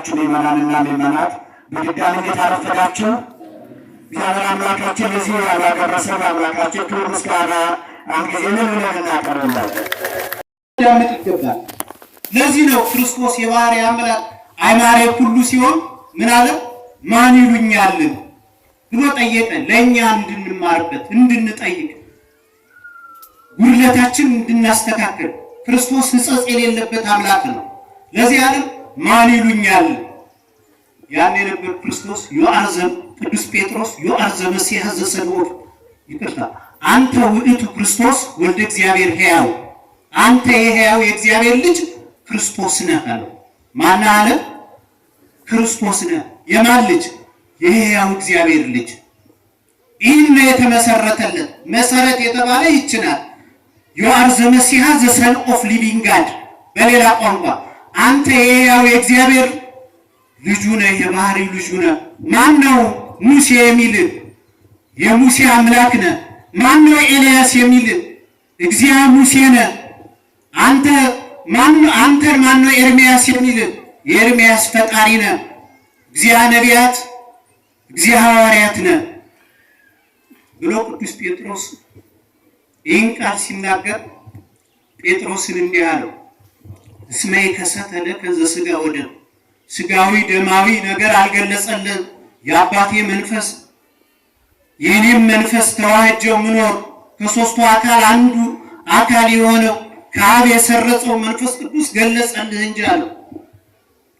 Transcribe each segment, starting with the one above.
የተወደዳችሁ ምዕመናንና ምዕመናት በድጋሚ እንዴት አረፈዳችሁ? እግዚአብሔር አምላካችን እዚህ ያላደረሰን አምላካችን ክብር ምስጋና አንጊዜ ብለን እናቀርብላለን። ዳምጥ ይገባል። ለዚህ ነው ክርስቶስ የባህር አምላክ አይማሬ ሁሉ ሲሆን ምን አለ? ማን ይሉኛልን ብሎ ጠየቀ። ለእኛ እንድንማርበት እንድንጠይቅ፣ ጉድለታችን እንድናስተካከል ክርስቶስ ሕጸጽ የሌለበት አምላክ ነው። ለዚህ ዓለም ማን ይሉኛል? ያን የነበር ክርስቶስ ዮአርዘብ ቅዱስ ጴጥሮስ ዮአርዘብ መስያ ዘሰልወር ይቅርታ፣ አንተ ውእቱ ክርስቶስ ወልደ እግዚአብሔር ሕያው አንተ የሕያው የእግዚአብሔር ልጅ ክርስቶስ ነህ አለው። ማን አለ? ክርስቶስ ነህ። የማን ልጅ? የሕያው እግዚአብሔር ልጅ። ይህን ነው የተመሰረተለት መሰረት የተባለ ይችናል። ዮአርዘ መስያ ዘሰን ኦፍ ሊቪንግ ጋድ በሌላ ቋንቋ አንተ የያው የእግዚአብሔር ልጁ ነህ፣ የባህሪ ልጁ ነህ። ማን ነው ሙሴ የሚል የሙሴ አምላክ ነህ። ማን ነው ኤልያስ የሚል እግዚአብሔር ሙሴ ነህ። አንተ ማን አንተ ማን ነው ኤርሚያስ የሚል የኤርሚያስ ፈጣሪ ነህ። እግዚአብሔር ነቢያት፣ እግዚአብሔር ሐዋርያት ነህ ብሎ ቅዱስ ጴጥሮስ ይህን ቃል ሲናገር ጴጥሮስን እንዲህ አለው እስመ የከሰተ ለከ ስጋ ወደም ስጋዊ ደማዊ ነገር አልገለጸልን። የአባቴ መንፈስ የእኔም መንፈስ ተዋህጀው ምኖር ከሶስቱ አካል አንዱ አካል የሆነው ከአብ የሰረጸው መንፈስ ቅዱስ ገለጸልህ እንጂ አለው።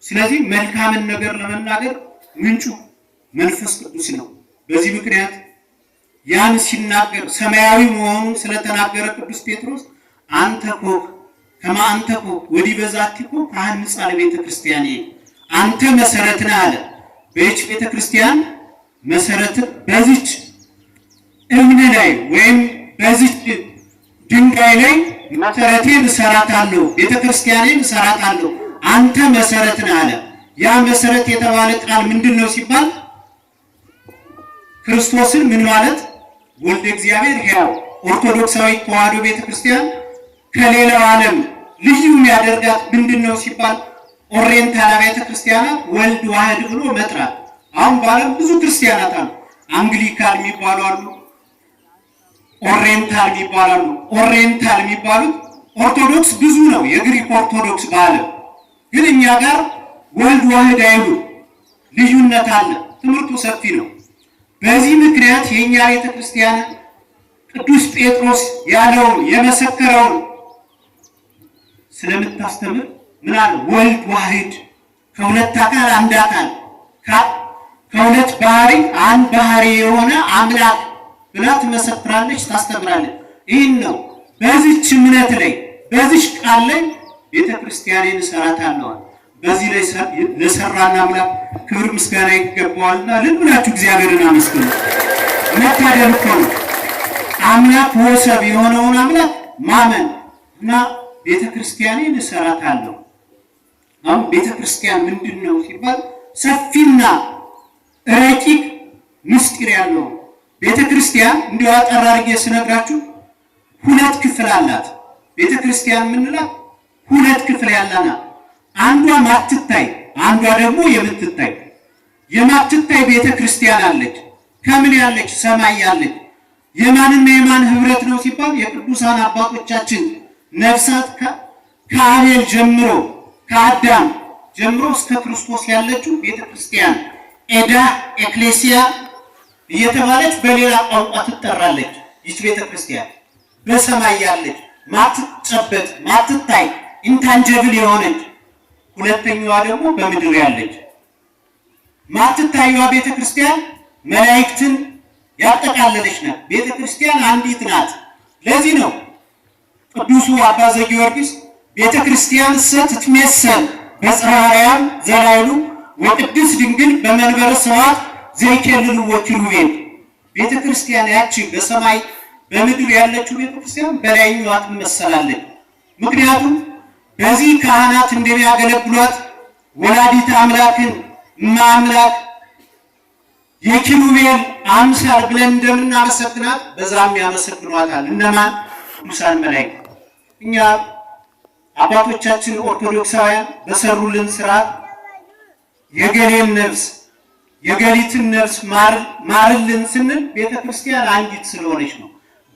ስለዚህ መልካምን ነገር ለመናገር ምንጩ መንፈስ ቅዱስ ነው። በዚህ ምክንያት ያን ሲናገር ሰማያዊ መሆኑን ስለተናገረ ቅዱስ ጴጥሮስ አንተ ኮክ ከማንተቆ ወዲህ በዛቲቆ ካህንጻ ለቤተ ክርስቲያን አንተ መሰረትን አለ። በይች ቤተ ክርስቲያን መሰረት በዚች እምን ላይ ወይም በዚች ድንጋይ ላይ መሰረቴ እሰራታለሁ፣ ቤተ ክርስቲያኔ እሰራታለሁ፣ አንተ መሰረትን አለ። ያ መሰረት የተባለ ቃል ምንድን ነው ሲባል ክርስቶስን ምን ማለት ወልደ እግዚአብሔር ሕያው ኦርቶዶክሳዊ ቤተ ቤተክርስቲያን ከሌላው ዓለም ልዩ የሚያደርጋት ምንድን ነው ሲባል ኦሪየንታል ቤተ ክርስቲያናት ወልድ ዋህድ ብሎ መጥራት። አሁን በዓለም ብዙ ክርስቲያናት አሉ። አንግሊካን የሚባሉ አሉ፣ ኦሪየንታል የሚባሉ አሉ። ኦሪየንታል የሚባሉት ኦርቶዶክስ ብዙ ነው፣ የግሪክ ኦርቶዶክስ በዓለም ግን እኛ ጋር ወልድ ዋህድ አይሉ ልዩነት አለ። ትምህርቱ ሰፊ ነው። በዚህ ምክንያት የእኛ ቤተክርስቲያን ቅዱስ ጴጥሮስ ያለውን የመሰከረውን ስለምታስተምር ምናል ወልድ ዋሂድ ከሁለት አካል አንድ አካል ከሁለት ባህሪ አንድ ባህሪ የሆነ አምላክ ብላ ትመሰክራለች፣ ታስተምራለች። ይህን ነው በዚች እምነት ላይ በዚች ቃል ላይ ቤተ ክርስቲያኔን እሰራታለዋል። በዚህ ላይ ለሰራን አምላክ ክብር ምስጋና ይገባዋልና ልል እግዚአብሔርን አመስግኑ። መታደል እኮ ነው አምላክ ወሰብ የሆነውን አምላክ ማመን እና ቤተ ክርስቲያኔን እሰራታለሁ። አሁን ቤተ ክርስቲያን ምንድን ነው ሲባል ሰፊና ረቂቅ ምስጢር ያለው ቤተ ክርስቲያን እንዲሁ አጠር አድርጌ ስነግራችሁ ሁለት ክፍል አላት። ቤተ ክርስቲያን የምንላት ሁለት ክፍል ያላናት፣ አንዷ ማትታይ፣ አንዷ ደግሞ የምትታይ። የማትታይ ቤተ ክርስቲያን አለች። ከምን ያለች? ሰማይ ያለች። የማንና የማን ህብረት ነው ሲባል የቅዱሳን አባቶቻችን ነፍሳት ከአቤል ጀምሮ ከአዳም ጀምሮ እስከ ክርስቶስ ያለችው ቤተክርስቲያን ኤዳ ኤክሌሲያ እየተባለች በሌላ ቋንቋ ትጠራለች። ይች ቤተክርስቲያን በሰማይ ያለች ማትጨበጥ፣ ማትታይ ኢንታንጀብል የሆነች ሁለተኛዋ ደግሞ በምድር ያለች ማትታዩዋ ቤተክርስቲያን መላእክትን ያጠቃለለች ናት። ቤተክርስቲያን አንዲት ናት። ለዚህ ነው ቅዱሱ አባ ዘጊዮርጊስ ቤተ ክርስቲያን ስትትሜሰል በጽርሐ ዘላይሉ ወቅድስት ድንግል በመንበረ ስብሐት ዘይኬልሉ ቤት ቤተ ክርስቲያን ያቺ በሰማይ በምድር ያለችው ቤተ ክርስቲያን በላይኛዋ ትመሰላለች። ምክንያቱም በዚህ ካህናት እንደሚያገለግሏት ወላዲት አምላክን ማምላክ የኪሩቤል አምሳል ብለን እንደምናመሰግናት በዛም ያመሰግኗታል። እነማን? ቅዱሳን መላእክት እኛ አባቶቻችን ኦርቶዶክሳውያን በሰሩልን ስርዓት የገሌን ነፍስ የገሊትን ነፍስ ማርልን ስንል ቤተ ክርስቲያን አንዲት ስለሆነች ነው።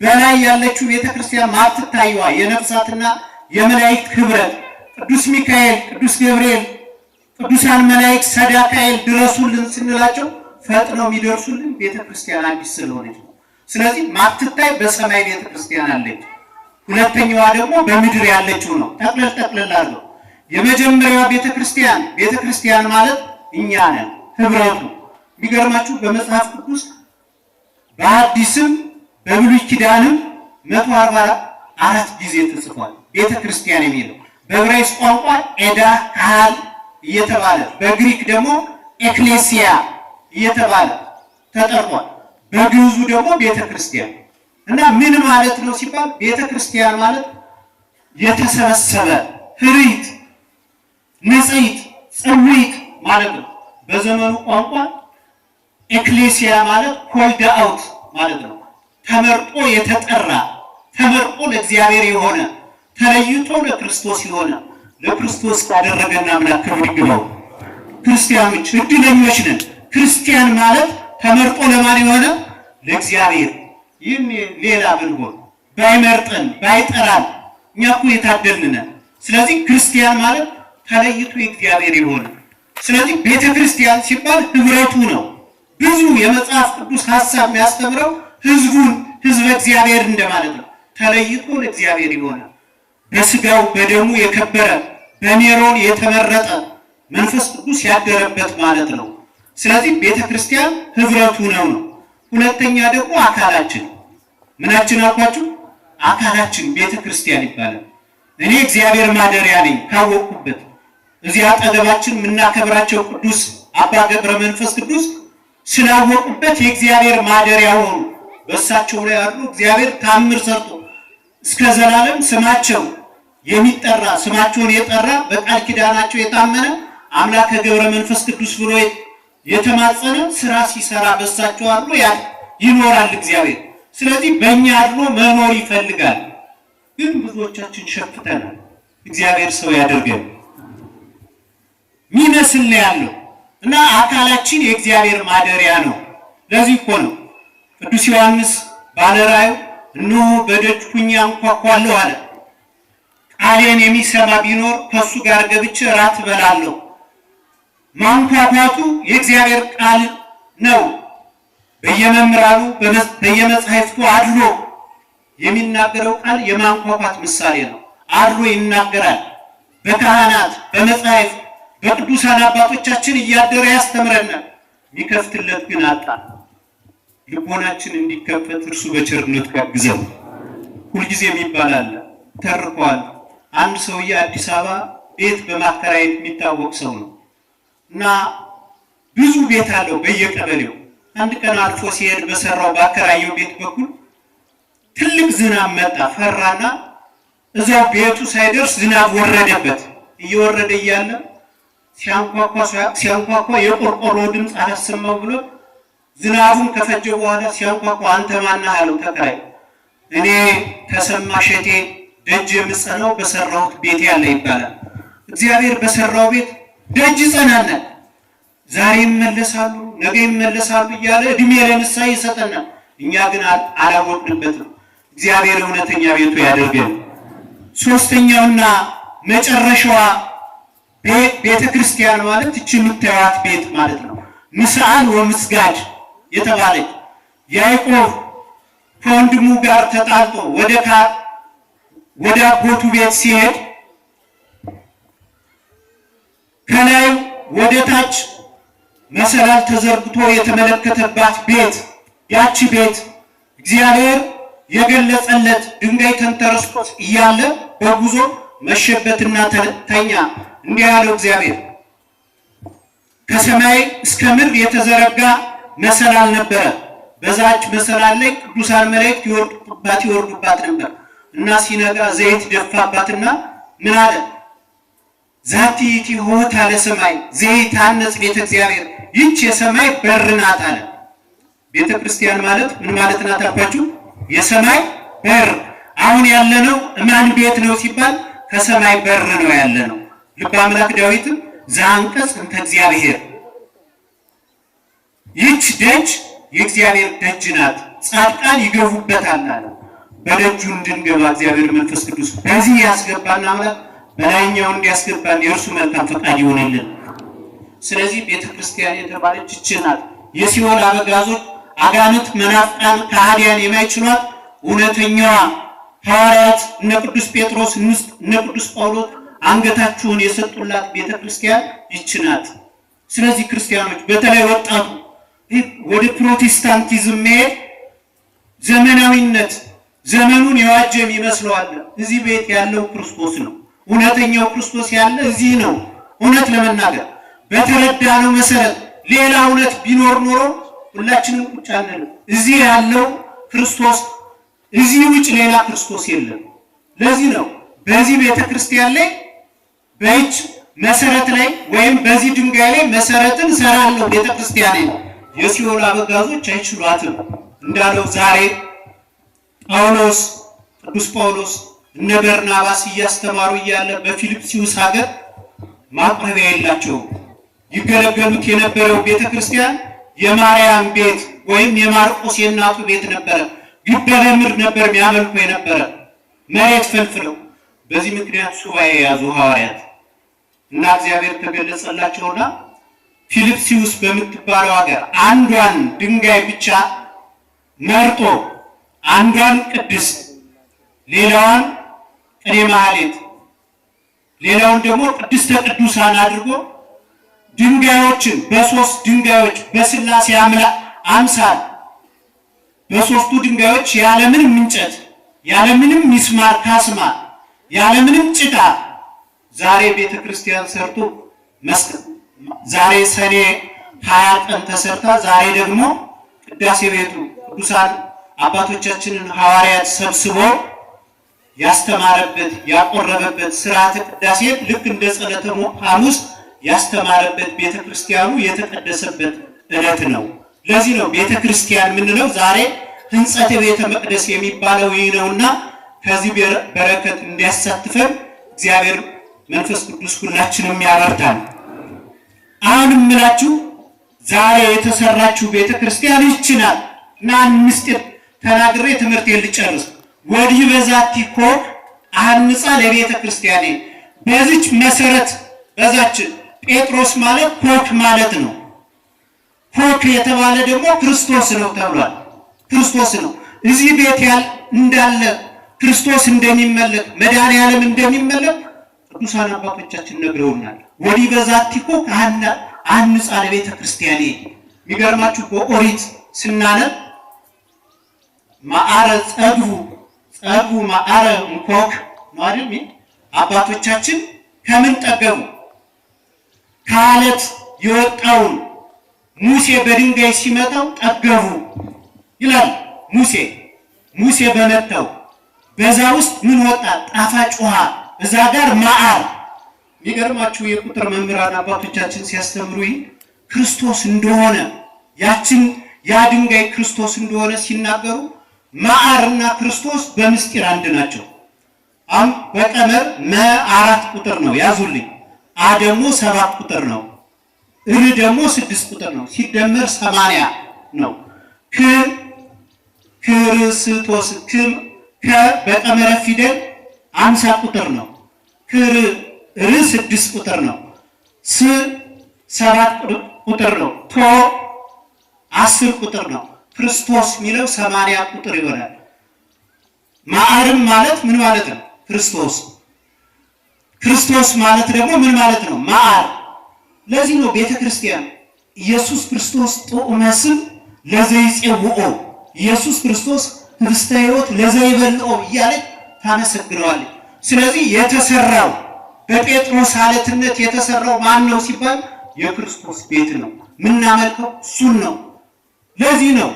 በላይ ያለችው ቤተ ክርስቲያን ማትታየዋ የነፍሳትና የመላእክት ህብረት ቅዱስ ሚካኤል፣ ቅዱስ ገብርኤል፣ ቅዱሳን መላእክት ሰዳካኤል ድረሱልን ስንላቸው ፈጥነው የሚደርሱልን ቤተ ክርስቲያን አንዲት ስለሆነች ነው። ስለዚህ ማትታይ በሰማይ ቤተ ክርስቲያን አለች። ሁለተኛዋ ደግሞ በምድር ያለችው ነው። ጠቅለል ጠቅለል አለው። የመጀመሪያዋ ቤተ ክርስቲያን ቤተ ክርስቲያን ማለት እኛ ነን፣ ህብረቱ። የሚገርማችሁ በመጽሐፍ ቅዱስ በአዲስም በብሉይ ኪዳንም መቶ አርባ አራት ጊዜ ተጽፏል ቤተ ክርስቲያን የሚለው በዕብራይስጥ ቋንቋ ኤዳ ካህል እየተባለ በግሪክ ደግሞ ኤክሌሲያ እየተባለ ተጠርቷል። በግዕዙ ደግሞ ቤተ ክርስቲያን እና ምን ማለት ነው ሲባል ቤተ ክርስቲያን ማለት የተሰበሰበ ህሪት፣ ንጽሕት፣ ጽዊት ማለት ነው። በዘመኑ ቋንቋ ኤክሌሲያ ማለት ኮልድ አውት ማለት ነው። ተመርጦ የተጠራ ተመርጦ ለእግዚአብሔር የሆነ ተለይቶ ለክርስቶስ የሆነ ለክርስቶስ ካደረገና አምላክ ይግባው። ክርስቲያኖች እድለኞች ነን። ክርስቲያን ማለት ተመርጦ ለማን የሆነ ለእግዚአብሔር ይህም ሌላ ብንሆን ባይመርጠን ባይጠራን እኛ እኮ የታደልን ስለዚህ ክርስቲያን ማለት ተለይቶ የእግዚአብሔር የሆነ ስለዚህ ቤተ ክርስቲያን ሲባል ህብረቱ ነው። ብዙ የመጽሐፍ ቅዱስ ሀሳብ የሚያስተምረው ህዝቡን ህዝበ እግዚአብሔር እንደማለት ነው። ተለይቶ ለእግዚአብሔር የሆነ በስጋው በደሙ የከበረ በኔሮን የተመረጠ መንፈስ ቅዱስ ያደረበት ማለት ነው። ስለዚህ ቤተ ክርስቲያን ህብረቱ ነው ነው። ሁለተኛ ደግሞ አካላችን ምናችን አልኳችሁ? አካላችን ቤተ ክርስቲያን ይባላል። እኔ እግዚአብሔር ማደሪያ ነኝ ካወቅኩበት እዚህ አጠገባችን የምናከብራቸው ቅዱስ አባ ገብረ መንፈስ ቅዱስ ስላወቁበት የእግዚአብሔር ማደሪያ ሆኑ። በእሳቸው ላይ አሉ እግዚአብሔር ታምር ሰርቶ እስከ ዘላለም ስማቸው የሚጠራ ስማቸውን የጠራ በቃል ኪዳናቸው የታመነ አምላከ ገብረ መንፈስ ቅዱስ ብሎ የተማጸነ ስራ ሲሰራ በእሳቸው አሉ ያ ይኖራል እግዚአብሔር ስለዚህ በእኛ አድሮ መኖር ይፈልጋል። ግን ብዙዎቻችን ሸፍተናል። እግዚአብሔር ሰው ያደርገን ሚመስል ነው ያለው እና አካላችን የእግዚአብሔር ማደሪያ ነው። ለዚህ እኮ ነው ቅዱስ ዮሐንስ ባለራዩ እነሆ በደጅ ሁኜ አንኳኳለሁ አለ። ቃሌን የሚሰማ ቢኖር ከእሱ ጋር ገብቼ እራት እበላለሁ። ማንኳኳቱ የእግዚአብሔር ቃል ነው። በየመምህራኑ በየመጽሐፍቱ አድሎ የሚናገረው ቃል የማንኳኳት ምሳሌ ነው። አድሎ ይናገራል። በካህናት በመጽሐፍ በቅዱሳን አባቶቻችን እያደረ ያስተምረናል። የሚከፍትለት ግን አጣ። ልቦናችን እንዲከፈት እርሱ በቸርነት ጋግዘው። ሁልጊዜ የሚባላለ ተርኳል። አንድ ሰውዬ አዲስ አበባ ቤት በማከራየት የሚታወቅ ሰው ነው እና ብዙ ቤት አለው በየቀበሌው አንድ ቀን አልፎ ሲሄድ በሰራው ባከራየው ቤት በኩል ትልቅ ዝናብ መጣ። ፈራና እዚያው ቤቱ ሳይደርስ ዝናብ ወረደበት። እየወረደ እያለ ሲያንኳኳ የቆርቆሮ ድምፅ አላሰማው ብሎ ዝናቡን ከፈጀ በኋላ ሲያንኳኳ አንተ ማና አለው ተከራይ። እኔ ተሰማ ሸቴ ደጅ የምጸናው በሰራሁት ቤት ያለ ይባላል። እግዚአብሔር በሰራው ቤት ደጅ ይጸናናል። ዛሬ ይመለሳሉ፣ ነገ ይመለሳሉ እያለ እድሜ ለንስሐ ይሰጠናል። እኛ ግን አላወቅንበትም። እግዚአብሔር እውነተኛ ቤቱ ያደርገን። ሶስተኛውና መጨረሻዋ ቤተ ክርስቲያን ማለት እች የምታዩት ቤት ማለት ነው። ምስአል ወምስጋድ የተባለች ያዕቆብ ከወንድሙ ጋር ተጣልጦ ወደ ወደ አጎቱ ቤት ሲሄድ ከላይ ወደ ታች መሰላል ተዘርግቶ የተመለከተባት ቤት ያቺ ቤት እግዚአብሔር የገለጸለት ድንጋይ ተንተርሶት እያለ በጉዞ መሸበትና ተኛ። እንዲህ ያለው እግዚአብሔር ከሰማይ እስከ ምድር የተዘረጋ መሰላል ነበረ። በዛች መሰላል ላይ ቅዱሳን መላእክት ይወርዱባት ይወርዱባት ነበር እና ሲነጋ ዘይት ደፋባትና ምን አለ ዛቲ ይቲሆት አለ ሰማይ ዘይታነጽ ቤተ እግዚአብሔር ይች የሰማይ በር ናት አለ። ቤተ ክርስቲያን ማለት ምን ማለት ናት አልኳችሁ? የሰማይ በር። አሁን ያለነው እማን ቤት ነው ሲባል ከሰማይ በር ነው ያለነው። ልበ አምላክ ዳዊትም ዘአንቀጽ እንተ እግዚአብሔር ይህች ደጅ የእግዚአብሔር ደጅ ናት፣ ጻድቃን ይገቡበታል አለ። በደጁ እንድንገባ እግዚአብሔር መንፈስ ቅዱስ በዚህ ያስገባና ማለት በላይኛው እንዲያስገባን የእርሱ መልካም ፈቃድ ይሆንልን። ስለዚህ ቤተ ክርስቲያን የተባለች ይህች ናት። የሲኦል አበጋዞች፣ አጋንንት፣ መናፍቃን፣ ከሃዲያን የማይችሏት እውነተኛዋ ሐዋርያት እነ ቅዱስ ጴጥሮስ እነ ቅዱስ ጳውሎስ አንገታችሁን የሰጡላት ቤተ ክርስቲያን ይች ናት። ስለዚህ ክርስቲያኖች፣ በተለይ ወጣቱ ወደ ፕሮቴስታንቲዝም መሄድ ዘመናዊነት ዘመኑን የዋጀም ይመስለዋል። እዚህ ቤት ያለው ክርስቶስ ነው። እውነተኛው ክርስቶስ ያለ እዚህ ነው። እውነት ለመናገር በተረዳነው መሰረት ሌላ እውነት ቢኖር ኖሮ ሁላችንም ቁጭ አለን እዚህ ያለው ክርስቶስ እዚህ ውጭ ሌላ ክርስቶስ የለም። ለዚህ ነው በዚህ ቤተ ክርስቲያን ላይ በይች መሰረት ላይ ወይም በዚህ ድንጋይ ላይ መሰረትን ሰራለው ቤተ ክርስቲያን የሲኦል አበጋዞች አይችሏትም እንዳለው ዛሬ ጳውሎስ ቅዱስ ጳውሎስ እነ በርናባስ እያስተማሩ እያለ በፊልጵስዩስ ሀገር ማቅረቢያ የላቸው። ይገለገሉት የነበረው ቤተ ክርስቲያን የማርያም ቤት ወይም የማርቆስ የእናቱ ቤት ነበረ። ግደለምር ነበር የሚያመልኩ የነበረ መሬት ፈልፍለው። በዚህ ምክንያት ሱባኤ የያዙ ሐዋርያት እና እግዚአብሔር ተገለጸላቸውና ፊልጵስዩስ በምትባለው ሀገር አንዷን ድንጋይ ብቻ መርጦ አንዷን ቅድስት ሌላዋን እኔ ማህሌት፣ ሌላውን ደግሞ ቅድስተ ቅዱሳን አድርጎ ድንጋዮችን በሶስት ድንጋዮች በስላሴ አምሳል በሶስቱ ድንጋዮች ያለምንም እንጨት ያለምንም ሚስማር ካስማ ያለምንም ጭቃ ዛሬ ቤተ ክርስቲያን ሰርቶ ዛሬ ሰኔ ሀያ ቀን ተሰርታ ዛሬ ደግሞ ቅዳሴ ቤቱ ቅዱሳን አባቶቻችንን ሐዋርያት ሰብስበው ያስተማረበት ያቆረበበት ስርዓተ ቅዳሴ ልክ እንደ ጸሎተ ሐሙስ ያስተማረበት ቤተ ክርስቲያኑ የተቀደሰበት ዕለት ነው። ለዚህ ነው ቤተ ክርስቲያን የምንለው ዛሬ ህንጸት ቤተ መቅደስ የሚባለው ይህ ነውና ከዚህ በረከት እንዲያሳትፈን እግዚአብሔር መንፈስ ቅዱስ ሁላችንም ያበርታል። አሁን የምላችሁ ዛሬ የተሰራችሁ ቤተ ክርስቲያን ይችናል እና ምስጢር ተናግሬ ትምህርት ልጨርስ ወዲህ በዛቲ እኮ አንጻ ለቤተ ክርስቲያን በዚች መሰረት በዛች ጴጥሮስ ማለት ኮክ ማለት ነው። ኮክ የተባለ ደግሞ ክርስቶስ ነው ተብሏል። ክርስቶስ ነው እዚህ ቤት ያል እንዳለ ክርስቶስ እንደሚመለክ ያለም እንደሚመለክ ቅዱሳን አባቶቻችን ነግረውናል። ወዲህ በዛቲ ኮክ አንጻ ለቤተ ክርስቲያኔ የሚገርማችሁ በኦሪት ስናነብ ማዕረ ጸድሁ ጸቡ ማአረ እንኮክ ነው አይደል? አባቶቻችን ከምን ጠገቡ? ከአለት የወጣውን ሙሴ በድንጋይ ሲመታው ጠገቡ ይላል። ሙሴ ሙሴ በመታው በዛ ውስጥ ምን ወጣ? ጣፋጭ ውሃ። እዛ ጋር ማአር። የሚገርማችሁ የቁጥር መምህራን አባቶቻችን ሲያስተምሩ ክርስቶስ እንደሆነ ያችን ያ ድንጋይ ክርስቶስ እንደሆነ ሲናገሩ መዓርና ክርስቶስ በምስጢር አንድ ናቸው። አም በቀመር መ አራት ቁጥር ነው ያዙልኝ። አ ደግሞ ሰባት ቁጥር ነው። እር ደግሞ ስድስት ቁጥር ነው። ሲደመር ሰማንያ ነው። ክ ክርስቶስ ከ በቀመረ ፊደል አምሳ ቁጥር ነው። ክር ር ስድስት ቁጥር ነው። ስ ሰባት ቁጥር ነው። ቶ አስር ቁጥር ነው። ክርስቶስ የሚለው ሰማንያ ቁጥር ይሆናል። ማዕርም ማለት ምን ማለት ነው? ክርስቶስ ክርስቶስ ማለት ደግሞ ምን ማለት ነው? ማዕር። ለዚህ ነው ቤተ ክርስቲያን ኢየሱስ ክርስቶስ ጥዑመ ስም ለዘይጼውኦ ኢየሱስ ክርስቶስ ህብስተ ሕይወት ለዘይበልኦ እያለች ታመሰግነዋለች። ስለዚህ የተሰራው በጴጥሮስ አለትነት የተሰራው ማን ነው ሲባል የክርስቶስ ቤት ነው። የምናመልከው እሱን ነው። ለዚህ ነው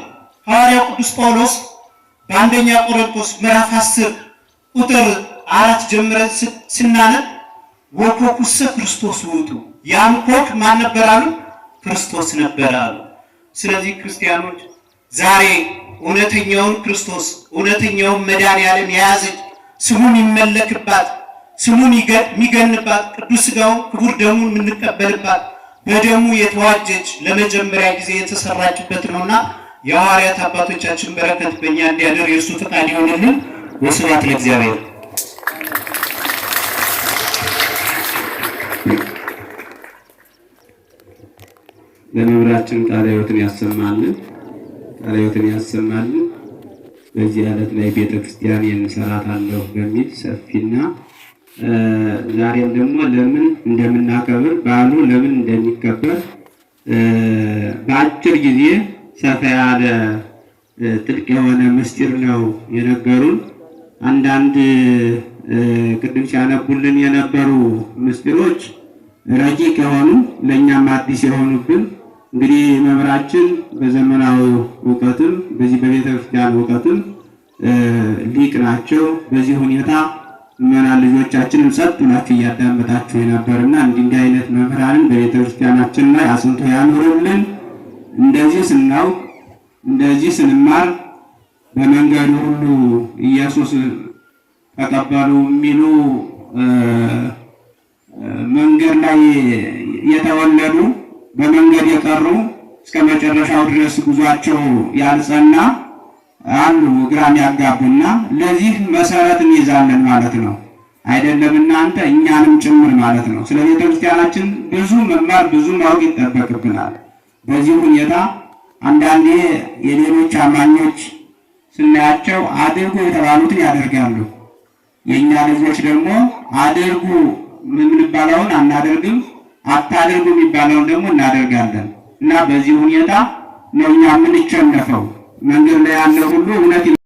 ሐዋርያው ቅዱስ ጳውሎስ በአንደኛ ቆሮንቶስ ምዕራፍ 10 ቁጥር አራት ጀምረን ስናነብ ወኮኩሰ ክርስቶስ ውእቱ ያም ኮክ ማን ነበር አሉ? ክርስቶስ ነበር አሉ። ስለዚህ ክርስቲያኖች ዛሬ እውነተኛውን ክርስቶስ እውነተኛውን መድኃኒዓለም የያዘች ስሙን ይመለክባት ስሙን የሚገንባት ቅዱስ ሥጋውን ክቡር ደሙን የምንቀበልባት በደሙ የተዋጀች ለመጀመሪያ ጊዜ የተሰራችበት ነውና የሐዋርያት አባቶቻችን በረከት በእኛ እንዲያደር የእሱ ፈቃድ ይሆንልን። ወስብሐት ለእግዚአብሔር። ለመምህራችን ቃለ ሕይወትን ያሰማልን፣ ቃለ ሕይወትን ያሰማልን። በዚህ ዕለት ላይ ቤተ ክርስቲያን እንሰራታለሁ በሚል ሰፊና ዛሬም ደግሞ ለምን እንደምናከብር በዓሉ ለምን እንደሚከበር በአጭር ጊዜ ሰፋ ያለ ጥልቅ የሆነ ምስጢር ነው የነገሩን። አንዳንድ ቅድም ሲያነቡልን የነበሩ ምስጢሮች ረቂቅ የሆኑ ለእኛም አዲስ የሆኑብን እንግዲህ መምህራችን በዘመናዊ እውቀትም በዚህ በቤተ ክርስቲያን እውቀትም ሊቅ ናቸው። በዚህ ሁኔታ ምዕመናን ልጆቻችንም ጸጥ ብላችሁ እያዳመጣችሁ የነበርና እንዲህ እንዲህ አይነት መምህራንን በቤተ ክርስቲያናችን ላይ አጽንቶ ያኖርልን። እንደዚህ ስናውቅ እንደዚህ ስንማር በመንገዱ ሁሉ ኢየሱስ ተቀበሉ የሚሉ መንገድ ላይ የተወለዱ በመንገድ የቀሩ እስከ መጨረሻው ድረስ ጉዟቸው ያልጸና አሉ፣ ግራም ያጋቡና ለዚህ መሰረት እንይዛለን ማለት ነው። አይደለም እናንተ እኛንም ጭምር ማለት ነው። ስለ ቤተክርስቲያናችን ብዙ መማር ብዙ ማወቅ ይጠበቅብናል። በዚህ ሁኔታ አንዳንዴ የሌሎች አማኞች ስናያቸው አድርጉ የተባሉትን ያደርጋሉ። የእኛ ልጆች ደግሞ አድርጉ የምንባለውን አናደርግም፣ አታድርጉ የሚባለውን ደግሞ እናደርጋለን እና በዚህ ሁኔታ ነው እኛ የምንቸነፈው። መንገድ ላይ ያለ ሁሉ እውነት